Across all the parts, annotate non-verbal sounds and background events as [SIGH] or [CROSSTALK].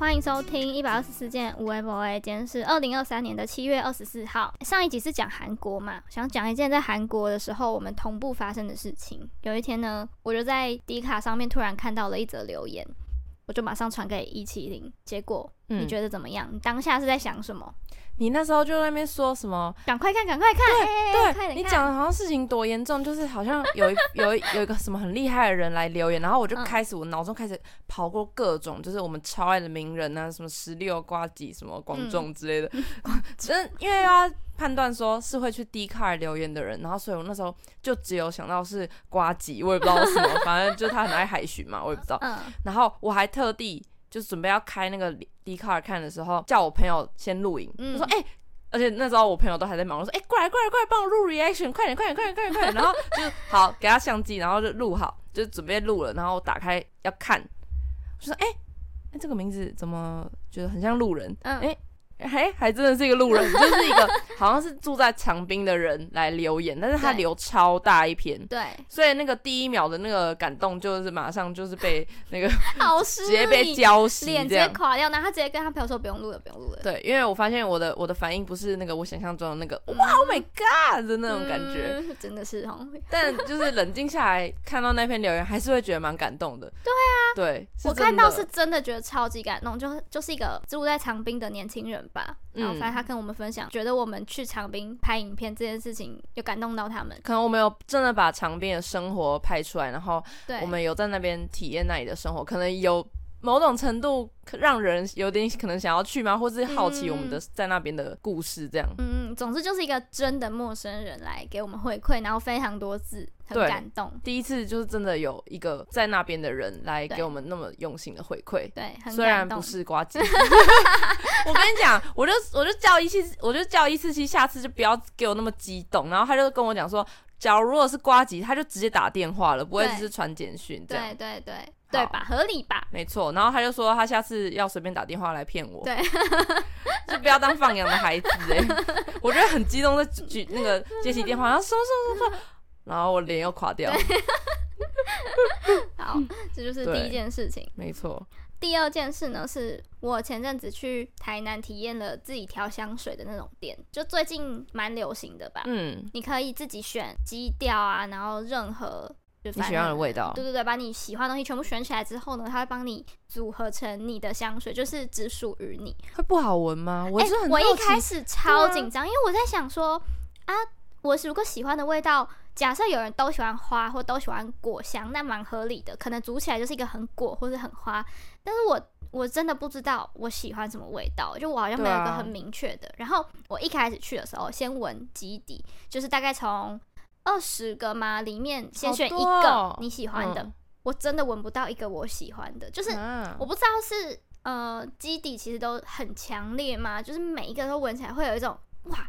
歡迎收聽一百二十四件無 F O A，今天是二零二三年的七月二十四號。上一集是講韓國嘛，想講一件在韓國的時候我們同步發生的事情。有一天呢，我就在 D 卡上面突然看到了一則留言，我就馬上傳給易啟林。結果你覺得怎麼樣？嗯。你當下是在想什麼？你那時候就在那邊說什麼？趕快，快看，趕快看！對對，你講的好像事情多嚴重，就是好像有一有一有一個什麼很厲害的人來留言，然後我就開始、嗯、我腦中開始跑過各種，就是我們超愛的名人啊，什麼十六呱吉、什麼廣仲之類的。真、嗯、 [LAUGHS] 因為要判斷說是會去 Dcard 留言的人，然後所以我那時候就只有想到是呱吉，我也不知道為什麼，嗯、反正就他很愛海巡嘛，我也不知道。嗯、然後我還特地。就準備要開那個 D card 看的時候，叫我朋友先錄影。嗯、我說：“誒、欸，而且那時候我朋友都還在忙，我說：誒、欸，過來過來過來，幫我錄 reaction，快點快點快點快點！快點，快點快點 [LAUGHS] 然後就好給他相機，然後就錄好，就準備錄了。然後我打開要看，就說：誒、欸，哎、欸，這個名字怎麼覺得很像路人？誒、嗯。欸哎，還真的是一個路人，就是一個好像是住在長濱的人來留言，但是他留超大一篇，對，對，所以那個第一秒的那個感動，就是馬上就是被那個直接被澆熄，臉直接垮掉，然後他直接跟他朋友說不用錄了，不用錄了。對，因為我發現我的我的反應不是那個我想象中的那個、嗯、哇，Oh my God 的那種感覺，嗯、真的是哈，但就是冷靜下來 [LAUGHS] 看到那篇留言，還是會覺得蠻感動的。對啊，對，我看到是真的覺得超級感動，就就是一個住在長濱的年輕人。吧，然後反正他跟我們分享，嗯、覺得我們去長濱拍影片這件事情，有感動到他們。可能我們有真的把長濱的生活拍出來，然後對，我們有在那邊體驗那裡的生活，對可能有某種程度讓人有點可能想要去嗎？或是好奇我們的在那邊的故事這樣。嗯嗯，總之就是一個真的陌生人來給我們回饋，然後非常多字。對，感動。第一次就是真的有一個在那邊的人來給我們那麼用心的回饋。對，雖然不是呱吉， [LAUGHS] 我跟你講，我就我就叫一次，我就叫一次機，下次就不要給我那麼激動。然後他就跟我講說，假如如果是呱吉，他就直接打電話了，不會只是傳簡訊這樣。對對對，對吧？好合理吧？沒錯。然後他就說他下次要隨便打電話來騙我，對 [LAUGHS] 就不要當放羊的孩子誒、欸，我就很激動的，在舉那個接起電話，然後說說說說。然後我臉又垮掉。 [LAUGHS] 對 [LAUGHS] 好，這就是第一件事情。沒錯。第二件事呢，是我前陣子去台南體驗了自己調香水的那種店，就最近蠻流行的吧。嗯。你可以自己選基調啊，然後任何就，你喜歡的味道。對對對，把你喜歡的東西全部選起來之後呢，他會幫你組合成你的香水，就是只屬於你，會不好聞嗎？我是、欸、我一開始超緊張，啊、因為我在想說啊，我如果喜歡的味道。假設有人都喜歡花或都喜歡果香，那蠻合理的，可能煮起來就是一個很果或是很花。但是我我真的不知道我喜歡什麼味道，就我好像沒有一個很明確的。啊、然後我一開始去的時候，先聞基底，就是大概從二十個嘛裡面先選一個你喜歡的。哦嗯、我真的聞不到一個我喜歡的，就是我不知道是呃基底其實都很強烈嘛，就是每一個都聞起來會有一種哇。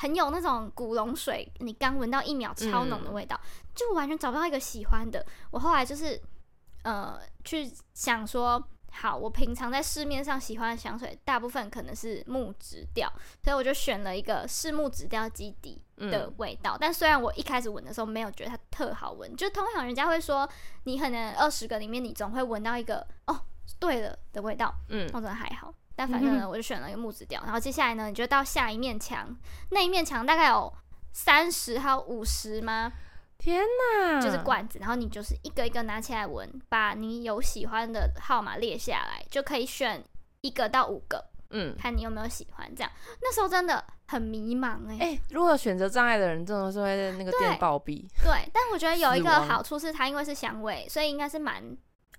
很有那種古龍水，你剛聞到一秒超濃的味道，嗯、就完全找不到一個喜歡的。我後來就是呃，去想說，好，我平常在市面上喜歡的香水，大部分可能是木質調，所以我就選了一個是木質調基底的味道。嗯、但雖然我一開始聞的時候沒有覺得它特好聞，就通常人家會說，你可能二十個裡面你總會聞到一個哦對了的味道，嗯，那可能還好。那反正呢，嗯、我就選了一個木質調。然後接下來呢，你就到下一面牆，那一面牆大概有三十還有五十嗎？天哪！就是罐子，然後你就是一個一個拿起來聞，把你有喜歡的號碼列下來，就可以選一個到五個，嗯，看你有沒有喜歡。這樣那時候真的很迷茫，哎、欸。哎、欸，如果選擇障礙的人真的是會在那個店暴斃。對，亡對，但我覺得有一個好處是，它因為是香味，所以應該是蠻，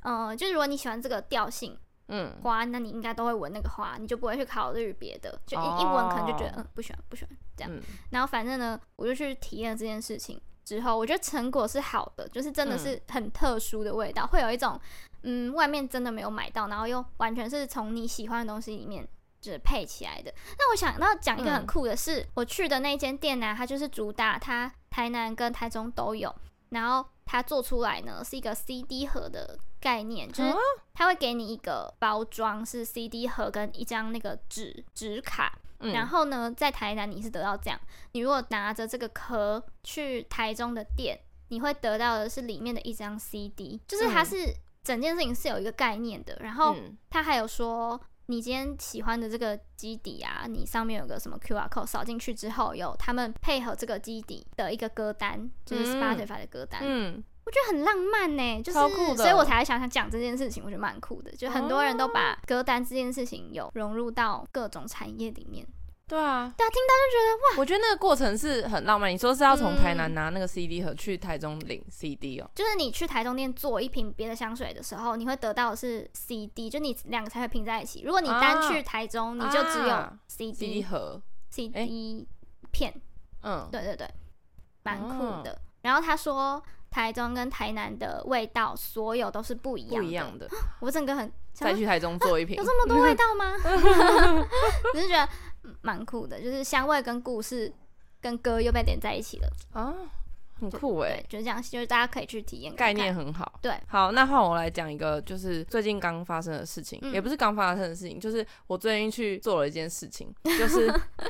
嗯、呃，就是如果你喜歡這個調性。嗯，花，那你應該都會聞那個花，你就不會去考慮別的，就一一聞可能就覺得，oh. 嗯，不喜歡，不喜歡這樣。然後反正呢，我就去體驗了這件事情之後，我覺得成果是好的，就是真的是很特殊的味道，嗯、會有一種，嗯，外面真的沒有買到，然後又完全是從你喜歡的東西裡面，就是配起來的。那我想到講一個很酷的是，嗯、我去的那間店呢、啊，它就是主打它，它台南跟台中都有。然後它做出來呢，是一個 CD 盒的概念，就是它會給你一個包裝，是 CD 盒跟一張那個紙紙卡。然後呢，在台南你是得到這樣，你如果拿着這個殼去台中的店，你會得到的是裡面的一張 CD，就是它是整件事情是有一個概念的。然後它還有說。你今天喜歡的這個基底啊，你上面有個什麼 QR code 掃進去之後，有他們配合這個基底的一個歌單，就是 Spotify，嗯，的歌單。嗯，我覺得很浪漫呢，欸，就是，超酷的。所以我才想想講這件事情，我覺得蠻酷的。就很多人都把歌單這件事情有融入到各種產業裡面。對啊，對啊，聽到就覺得哇！我覺得那個過程是很浪漫。你說是要從台南拿那個 CD 盒去台中領 CD 哦，就是你去台中店做一瓶別的香水的時候，你會得到的是 CD，就你兩個才會拼在一起。如果你單去台中，你就只有 CD 盒、CD 片。嗯，對對對，蠻酷的。然後他說，台中跟台南的味道，所有都是不一樣。不一樣的，我整個很想要再去台中做一瓶，有這麼多味道嗎？只是覺得。蠻酷的，就是香味跟故事跟歌又被連在一起了啊，很酷哎、欸，就這樣，就是大家可以去體驗，概念很好，對，好，那換我來講一個，就是最近剛發生的事情，嗯、也不是剛發生的事情，就是我最近去做了一件事情，就是。 [LAUGHS]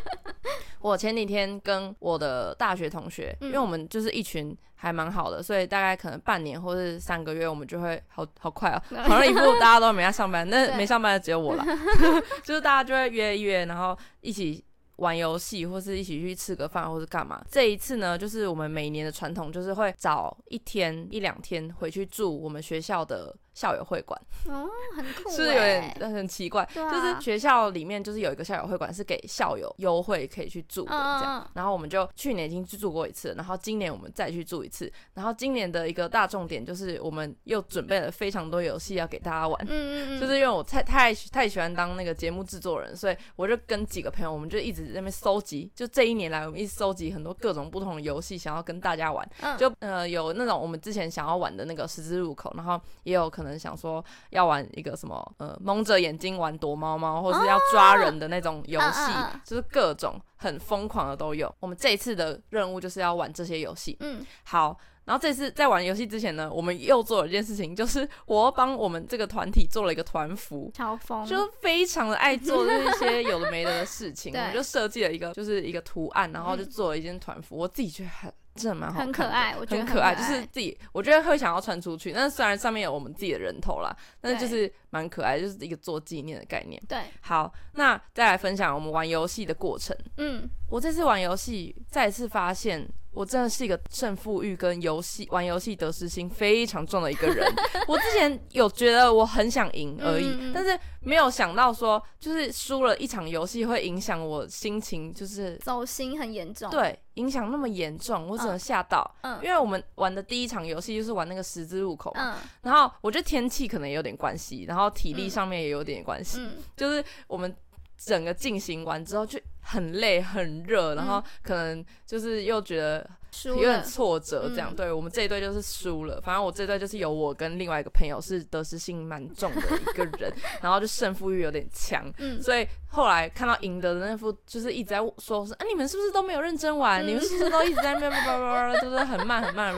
我前幾天跟我的大學同學，因為我們就是一群還蠻好的，嗯、所以大概可能半年或是三個月，我們就會好好快、啊，好像以後大家都沒在上班， [LAUGHS] 那沒上班的只有我了，對 [LAUGHS] 就是大家就會約一約，然後一起。玩遊戲，或是一起去吃個飯，或是幹嘛？這一次呢，就是我們每年的傳統，就是會早一天一兩天回去住我們學校的校友會館。哦，很酷，是不是有點很奇怪，就是學校裡面就是有一個校友會館，是給校友優惠可以去住的這樣。然後我們就去年已經去住過一次，然後今年我們再去住一次。然後今年的一個大重點就是，我們又準備了非常多遊戲要給大家玩。嗯嗯，就是因為我太太太喜歡當那個節目制作人，所以我就跟幾個朋友，我們就一直。在那邊搜集，就這一年來，我們一直收集很多各種不同的遊戲，想要跟大家玩。嗯、就呃，有那種我們之前想要玩的那個十字路口，然後也有可能想說要玩一個什麼呃蒙着眼睛玩躲貓貓，或是要抓人的那種遊戲，哦、就是各種很瘋狂的都有。我們這一次的任務就是要玩這些遊戲。嗯，好。然後這次在玩遊戲之前呢，我們又做了一件事情，就是我幫我們這個團體做了一個團服，喬峰就非常的愛做這些有的沒的的事情， [LAUGHS] 對我們就設計了一個，就是一個圖案，然後就做了一件團服。嗯、我自己覺得很這蠻好看，很可愛，我覺得很可愛，就是自己我覺得會想要穿出去。但是雖然上面有我們自己的人頭啦，但是就是蠻可愛，就是一個做紀念的概念。對，好，那再來分享我們玩遊戲的過程。嗯，我這次玩遊戲再次發現。我真的是一個勝負欲跟遊戲玩遊戲得失心非常重的一個人。 [LAUGHS] 我之前有覺得我很想贏而已，嗯嗯，但是沒有想到說就是輸了一場遊戲會影響我心情，就是走心很嚴重。對，影響那麼嚴重，我只能嚇到。嗯、因為我們玩的第一場遊戲就是玩那個十字路口，嗯、然後我覺得天氣可能有點關係，然後體力上面也有點關係，嗯、就是我們整個進行完之後去。很累很熱，然後可能就是又覺得有點挫折，這樣。對我們這一隊就是輸了，反正我這一隊就是有我跟另外一個朋友是得失心蠻重的一個人，然後就勝負慾有點強。嗯，所以後來看到贏得的那副，就是一直在說是哎，你們是不是都沒有認真玩？你們是不是都一直在那邊叭叭叭，就是很慢很慢。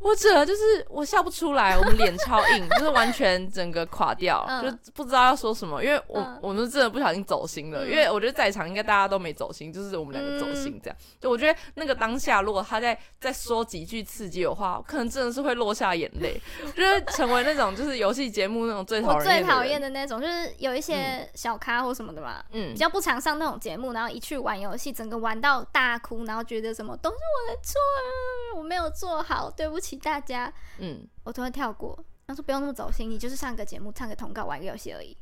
我覺得就是我笑不出來，我們臉超硬，就是完全整個垮掉，就不知道要說什麼，因為我我們真的不小心走心了，因為我覺得在場應該大家都。都沒走心，就是我們兩個走心這樣。嗯、就我覺得那個當下，如果他在在說幾句刺激的話，可能真的是會落下眼淚， [LAUGHS] 就是成為那種就是遊戲節目那種最討厭的，我最討厭的那種，就是有一些小咖或什麼的嘛，嗯，比較不常上那種節目，然後一去玩遊戲，整個玩到大哭，然後覺得什麼都是我的錯，啊，我沒有做好，對不起大家。嗯，我都會跳過。他說：“不用那麼走心，你就是上個節目、唱個通告、玩個遊戲而已。”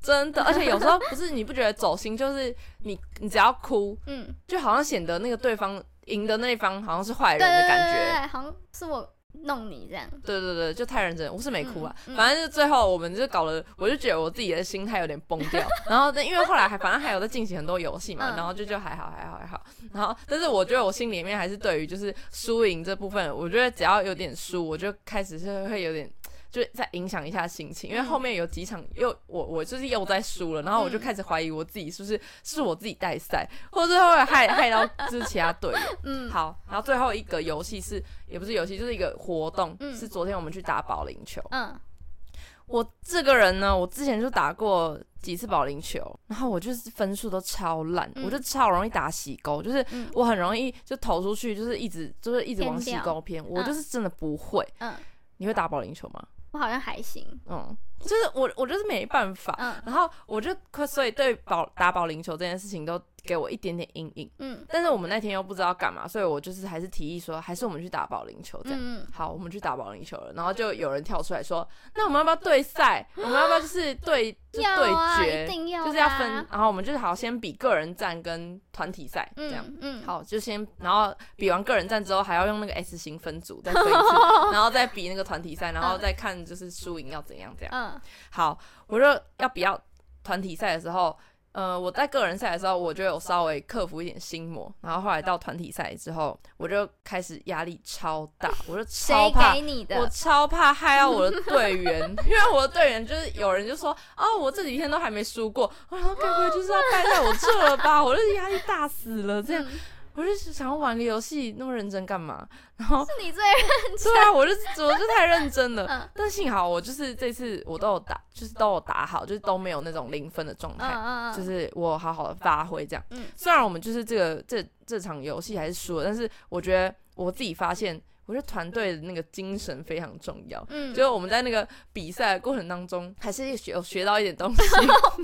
真的，而且有時候不是你不覺得走心， [LAUGHS] 就是你你只要哭，嗯，就好像顯得那個對方贏的那一方好像是壞人的感覺，對，對，對，對，好像是我弄你這樣。對對對，就太認真，我是沒哭啊。嗯嗯、反正就最後我們就搞了，我就覺得我自己的心態有點崩掉。 [LAUGHS] 然後但因為後來還反正還有在進行很多遊戲嘛，嗯、然後就就還好還好還好。然後但是我覺得我心裡面還是對於就是輸贏這部分，我覺得只要有點輸，我就開始是會有點。就再影響一下心情，因為後面有幾場又我我就是又在輸了，然後我就開始懷疑我自己是不是是我自己帶賽，或者會不會害 [LAUGHS] 害到就是其他隊友。嗯，好，然後最後一個遊戲是也不是遊戲，就是一個活動，嗯、是昨天我們去打保齡球。嗯，我這個人呢，我之前就打過幾次保齡球，然後我就是分數都超爛，嗯、我就超容易打洗溝，就是我很容易就投出去，就是一直就是一直往洗溝偏，嗯、我就是真的不會。嗯，你會打保齡球嗎？我好像還行。嗯就是我，我就是沒辦法，嗯、然後我就所以對保打保齡球這件事情都給我一點點陰影。嗯，但是我們那天又不知道幹嘛，所以我就是還是提議說，還是我們去打保齡球這樣。嗯嗯，好，我們去打保齡球了，然後就有人跳出來說，那我們要不要對賽？我們要不要就是對、啊、就對決？啊啊、一定要啊、就是要分，然後我們就是好像先比個人戰跟團體賽這樣。嗯，嗯，好，就先然後比完個人戰之後，還要用那個 S 型分組再對。 [LAUGHS] 然後再比那個團體賽，然後再看就是輸贏要怎樣這樣。嗯嗯好，我就要比較團體賽的時候，呃，我在個人賽的時候，我就有稍微克服一點心魔，然後後來到團體賽之後，我就開始壓力超大，我就超怕，你的我超怕害到我的隊員， [LAUGHS] 因為我的隊員就是有人就說， [LAUGHS] 哦，我這幾天都還沒輸過，然後該不會就是要敗在我這了吧？我就壓力大死了，這樣。嗯。我就想要玩個遊戲，那麼認真幹嘛？然後是你最認真。對啊！我就我就太認真了。嗯。但幸好，我就是這次我都有打，就是都有打好，就是都沒有那種零分的狀態。嗯。就是我好好的發揮這樣。嗯。雖然我們就是這個這這場遊戲還是輸了，但是我覺得我自己發現，我覺得團隊的那個精神非常重要。嗯。就我們在那個比賽過程當中，還是學學到一點東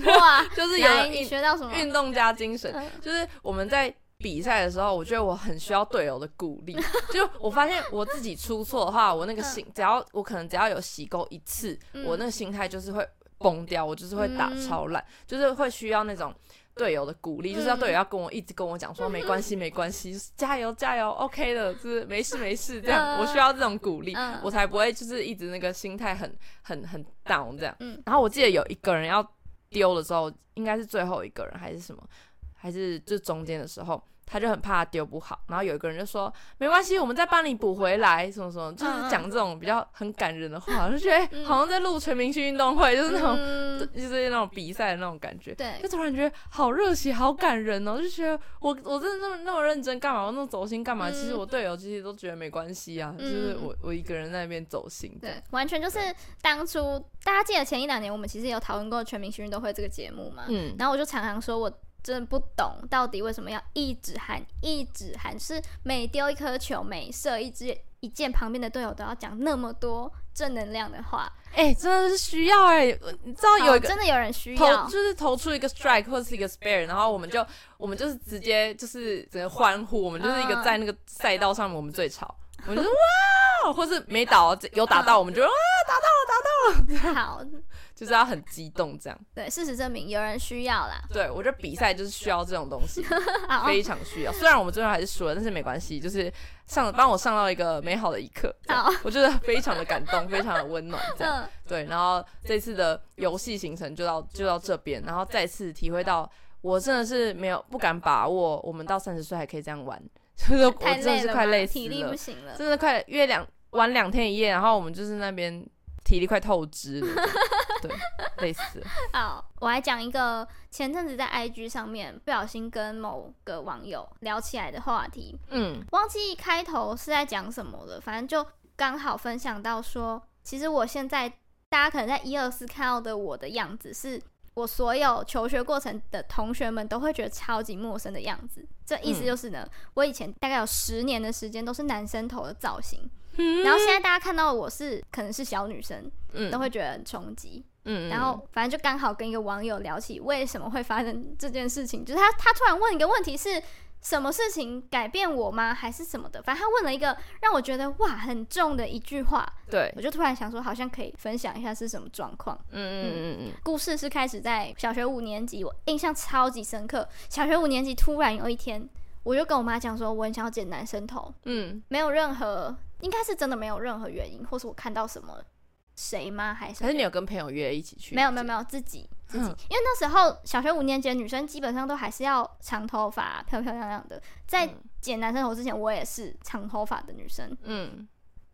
西。哇！ [LAUGHS] 就是有。你學到什麼？運動家精神，就是我們在。比賽的時候，我覺得我很需要隊友的鼓勵。就我發現我自己出錯的話，我那個心只要我可能只要有洗溝一次，我那個心態就是會崩掉，我就是會打超爛，就是會需要那種隊友的鼓勵，就是要隊友要跟我一直跟我講說沒關係沒關係，就是、加油加油，OK 的，就是沒事沒事這樣，我需要這種鼓勵，我才不會就是一直那個心態很很很 down 這樣。然後我記得有一個人要丟的時候，應該是最後一個人還是什麼，還是就中間的時候。他就很怕丟不好，然後有一個人就說：“沒關係，我們再幫你補回來。”什麼什麼，就是講這種比較很感人的話，嗯、就覺得、嗯、好像在錄全明星運動會，就是那種、嗯、就是那種比賽的那種感覺。對，就突然覺得好熱血，好感人哦！就覺得我我真的那麼那麼認真幹嘛？我那麼走心幹嘛？嗯、其實我隊友其實都覺得沒關係啊，就是我我一個人在那邊走心。對，完全就是當初對大家記得前一兩年我們其實有討論過《全明星運動會》這個節目嘛？嗯、然後我就常常說我。真的不懂到底為什麼要一直喊，一直喊，是每丟一顆球，每射一支一箭，旁邊的隊友都要講那麼多正能量的話。哎、欸，真的是需要哎、欸，嗯、你知道有一個真的有人需要，就是投出一個 strike 或者是一個 spare，然後我們就，就我們就是直接就是直接歡呼，嗯、我們就是一個在那個賽道上面我們最吵， [LAUGHS] 我們說哇，或是沒打到有打到，我們就得哇、啊，打到了，打到了，好。就是要很激動，這樣對。事實證明，有人需要啦。對，我覺得比賽就是需要這種東西， [LAUGHS] 好非常需要。雖然我們最後還是輸了，但是沒關係，就是上了幫我上到一個美好的一刻好。我覺得非常的感動，非常的溫暖，這樣、嗯、對。然後這次的遊戲行程就到就到這邊，然後再次體會到，我真的是沒有不敢把握，我們到三十歲還可以這樣玩，就 [LAUGHS] 是我真的是快累死了，體力不行了，真的快。約兩玩兩天一夜，然後我們就是那邊。體力快透支，對，對，對， [LAUGHS] 對，累死了。好，oh, 我來講一個前陣子在 IG 上面不小心跟某個網友聊起來的話題。嗯，忘記開頭是在講什麼了，反正就剛好分享到說，其實我現在大家可能在一二四看到的我的樣子，是我所有求學過程的同學們都會覺得超級陌生的樣子。這意思就是呢，嗯、我以前大概有十年的時間都是男生頭的造型。然後現在大家看到我是可能是小女生，嗯，都會覺得很衝擊。嗯，嗯、然後反正就剛好跟一個網友聊起為什麼會發生這件事情，就是他他突然問一個問題是，是什麼事情改變我嗎？還是什麼的？反正他問了一個讓我覺得哇很重的一句話。對，我就突然想說，好像可以分享一下是什麼狀況。嗯嗯嗯嗯，嗯，故事是開始在小學五年級，我印象超級深刻。小學五年級突然有一天。我就跟我媽講說，我很想要剪男生頭，嗯，沒有任何，應該是真的沒有任何原因，或是我看到什麼誰嗎？還是？還是你有跟朋友約一起去剪？沒有沒有沒有，自己自己，嗯，因為那時候小學五年級的女生基本上都還是要長頭髮，漂漂亮亮的。在剪男生頭之前，我也是長頭髮的女生，嗯，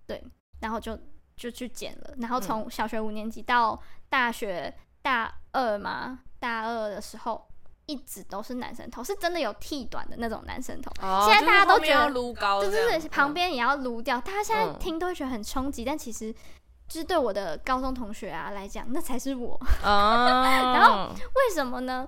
對，然後就就去剪了。然後從小學五年級到大學大二嘛，大二的時候。一直都是男生頭，是真的有剃短的那種男生頭。Oh, 現在大家都覺得，就是,要高就,就是旁邊也要擼掉，嗯、大家現在聽都會覺得很衝擊。嗯、但其實，就是對我的高中同學啊來講，那才是我。Oh. [LAUGHS] 然後為什麼呢？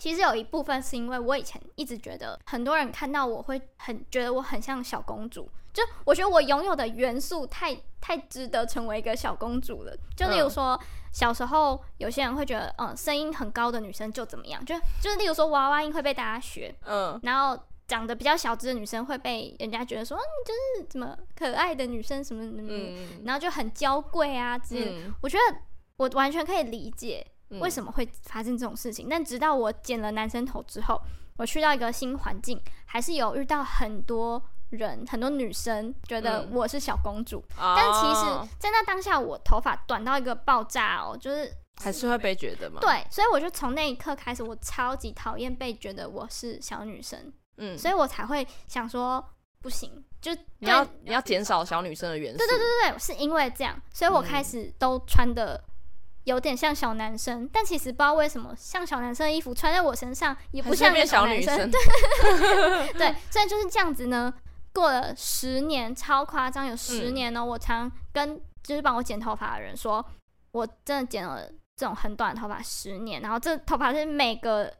其實有一部分是因為我以前一直覺得，很多人看到我會很覺得我很像小公主。就我覺得我擁有的元素太太值得成為一個小公主了。就例如說，小時候有些人會覺得，uh. 嗯，聲音很高的女生就怎麼樣，就就是例如說娃娃音會被大家學，嗯，uh. 然後長得比較小隻的女生會被人家覺得說，你、嗯、就是怎麼可愛的女生什麼什麼，什麼，嗯、然後就很嬌貴啊之類。嗯、我覺得我完全可以理解為什麼會發生這種事情。嗯、但直到我剪了男生頭之後，我去到一個新環境，還是有遇到很多。人很多，女生覺得我是小公主，嗯、但其實，在那當下，我頭髮短到一個爆炸哦、喔，就是還是會被覺得嘛。對，所以我就從那一刻開始，我超級討厭被覺得我是小女生，嗯，所以我才會想說，不行，就要你要減對少小女生的元素。對對對，對是因為這樣，所以我開始都穿的有點像小男生，嗯、但其實不知道為什麼，像小男生的衣服穿在我身上也不像小男生小女生。對, [LAUGHS] [LAUGHS] 對，所以就是這樣子呢。過了十年，超誇張！有十年呢，喔，嗯，我常跟就是幫我剪頭髮的人說，我真的剪了這種很短的頭髮十年，然後這頭髮是每個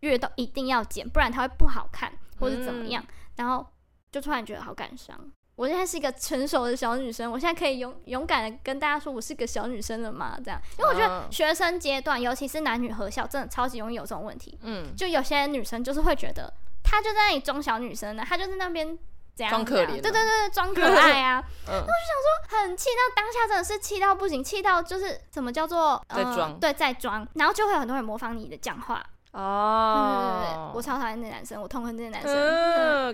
月都一定要剪，不然它會不好看或者怎麼樣。嗯，然後就突然覺得好感傷。我現在是一個成熟的小女生，我現在可以勇勇敢的跟大家說我是個小女生了嗎？這樣，因為我覺得學生階段，尤其是男女合校，真的超級容易有這種問題。嗯，就有些女生就是會覺得，她就在那裡裝小女生呢，她就在那邊。裝可憐，對對對，裝可愛！啊！那我就想說，很氣，那當下真的是氣到不行，氣到就是怎麼叫做在裝？對，在裝。然後就會有很多人模仿你的講話哦。對對對，我超討厭那男生，我痛恨那男生。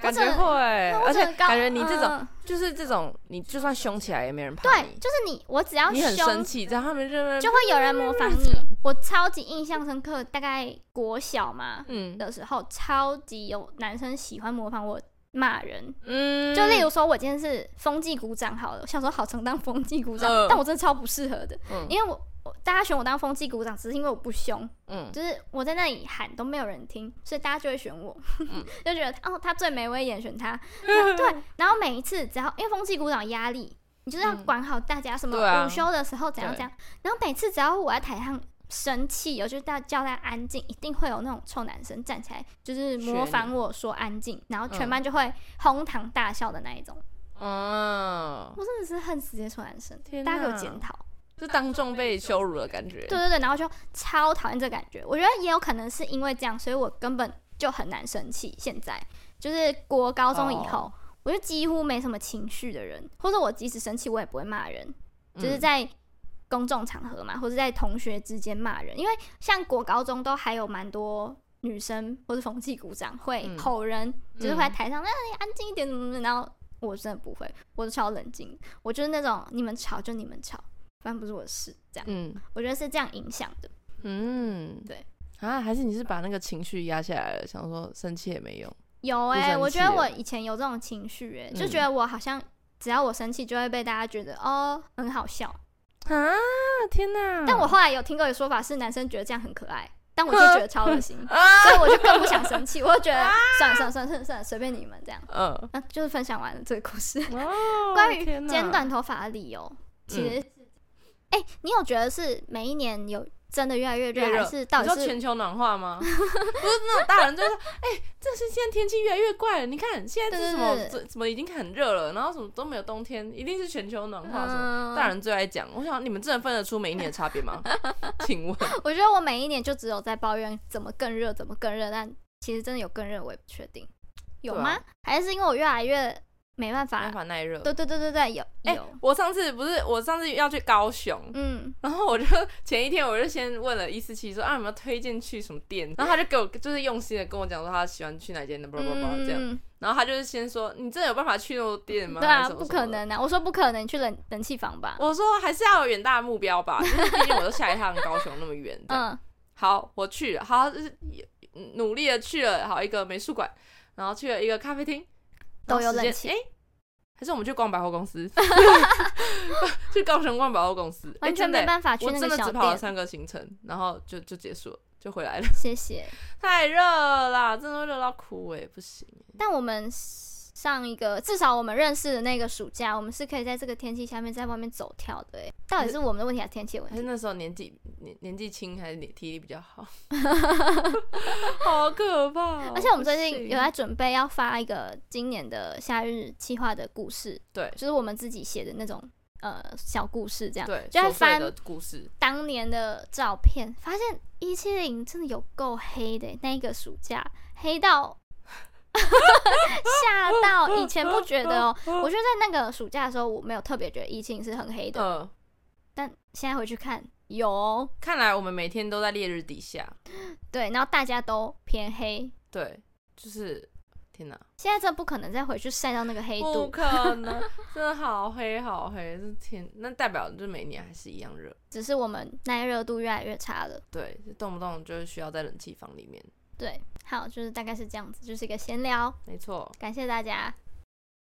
感覺會，而且感覺你這種就是這種，你就算凶起來也沒人怕。對，就是你，我只要你很生氣，然後他們就就會有人模仿你。我超級印象深刻，大概國小嘛，嗯的時候，超級有男生喜歡模仿我，罵人，嗯、就例如說，我今天是風紀股長好了。我想說，好，承擔風紀股長，呃、但我真的超不適合的，嗯、因為我我大家選我當風紀股長，只是因為我不凶，嗯，就是我在那裡喊都沒有人聽，所以大家就會選我，嗯、 [LAUGHS] 就覺得哦，他最沒威嚴，選他、嗯、對。然後每一次只要因為風紀股長壓力，你就是要管好大家什麼午休的時候怎樣怎樣。嗯啊、然後每次只要我在台上。生氣，哦，就是叫叫他安靜，一定會有那種臭男生站起來，就是模仿我說安靜，全然後全班就會哄堂大笑的那一種。嗯，我真的是恨死這些臭男生，大家有檢討，就當眾被羞辱的感覺。對對對，然後就超討厭這感覺。我覺得也有可能是因為這樣，所以我根本就很難生氣。現在就是國高中以後，哦、我就幾乎沒什麼情緒的人，或者我即使生氣，我也不會罵人，就是在。公眾場合嘛，或者在同學之間罵人，因為像國高中都還有蠻多女生或者風紀股長會吼人，嗯、就是會在台上那、嗯啊、你安靜一點怎麼怎麼，然後我真的不會，我就超冷靜，我就是那種你們吵就你們吵，反正不是我的事，這樣，嗯，我覺得是這樣影響的，嗯，對啊，還是你是把那個情緒壓下來了，想說生氣也沒用，有哎、欸，我覺得我以前有這種情緒哎、欸，嗯、就覺得我好像只要我生氣就會被大家覺得哦很好笑。啊！天哪！但我後來有聽過一個說法是男生覺得這樣很可愛，但我就覺得超噁心，呵呵所以我就更不想生氣。啊、我就覺得算了算了算了算了，隨便你們這樣。嗯、啊，那就是分享完了這個故事。哦、 [LAUGHS] 關於剪短頭髮的理由，哪其實，哎、嗯欸，你有覺得是每一年有？真的越來越熱，你知道全球暖化嗎？ [LAUGHS] 不是那種大人在說，哎、 [LAUGHS] 欸，這是現在天氣越來越怪了。你看現在是什麼怎麼已經很熱了，然後什麼都沒有冬天，一定是全球暖化。什麼、嗯、大人最愛講。我想你們真的分得出每一年的差別嗎？ [LAUGHS] 請問，我覺得我每一年就只有在抱怨怎麼更熱，怎麼更熱，但其實真的有更熱，我也不確定，有嗎？啊、還是因為我越來越。沒辦法，沒辦法耐熱。對對對對對，有欸。我上次不是，我上次要去高雄，嗯，然後我就前一天我就先問了147，說啊，你們要推薦去什麼店，然後他就給我就是用心的跟我講說他喜歡去哪間的，叭不叭這樣。然後他就是先說，你真的有辦法去那間店嗎？對啊，不可能啊！我說不可能，去冷冷氣房吧。我說還是要有遠大的目標吧，畢竟我都下一趟高雄那麼遠的。 [LAUGHS] 樣嗯，好，我去了，好，就是、努力的去了，好一個美術館，然後去了一個咖啡廳。都有冷氣哎，還是我們去逛百貨公司， [LAUGHS] [LAUGHS] 去高雄逛百貨公司，完全真沒辦法去那個小店，我真的只跑了三個行程， [LAUGHS] 然後就就結束了，就回來了。謝謝。太熱了啦，真的熱到哭我也，欸、不行。但我們是。上一個至少我們認識的那個暑假，我們是可以在這個天氣下面在外面走跳的、欸。哎，到底是我們的問題還是天氣問題？是那時候年紀年年紀輕還是體力比較好？ [LAUGHS] [LAUGHS] 好可怕、喔！而且我們最近有在準備要發一個今年的夏日計劃的故事，對，就是我們自己寫的那種呃小故事，這樣對，就在在翻故事當年的照片，發現一七零真的有夠黑的、欸、那一個暑假，黑到。嚇 [LAUGHS] 到！以前不覺得哦，喔，我覺得在那個暑假的時候，我沒有特別覺得疫情是很黑的。但現在回去看有哦。看來我們每天都在烈日底下。對，然後大家都偏黑。對，就是天哪！現在真的不可能再回去曬到那個黑度，不可能！真的好黑好黑！這天，那代表就是每年還是一樣熱，只是我們耐熱度越來越差了。對，動不動就是需要在冷氣房裡面。對，好，就是大概是這樣子，就是一個閒聊，沒錯，感謝大家。